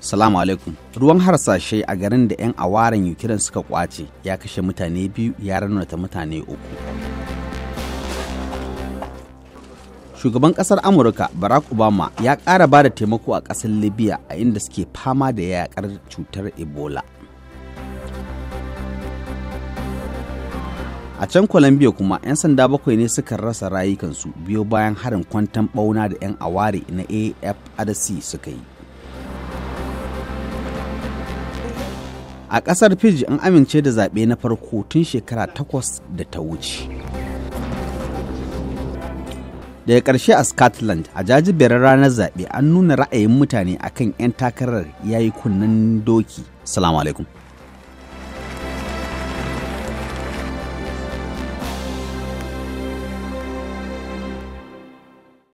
Salamu alaikum. Ruwan harsashe a garin da 'yan awaren Ukraine suka kwace ya kashe mutane biyu ya raunata mutane uku. Shugaban ƙasar Amurka Barack Obama ya ƙara ba da taimako a ƙasar Libya a inda suke fama da yaƙar cutar Ebola. A can Colombia kuma 'yan sanda bakwai ne suka rasa rayukansu biyo bayan harin kwantan ɓauna da 'yan aware na AFRC suka yi. a ƙasar fiji an amince da zaɓe na farko tun shekara takwas da ta wuce daga ƙarshe a scotland a jajibiyar ranar zaɓe an nuna ra'ayin mutane akan 'yan takarar yayi kunnen doki salamu alaikum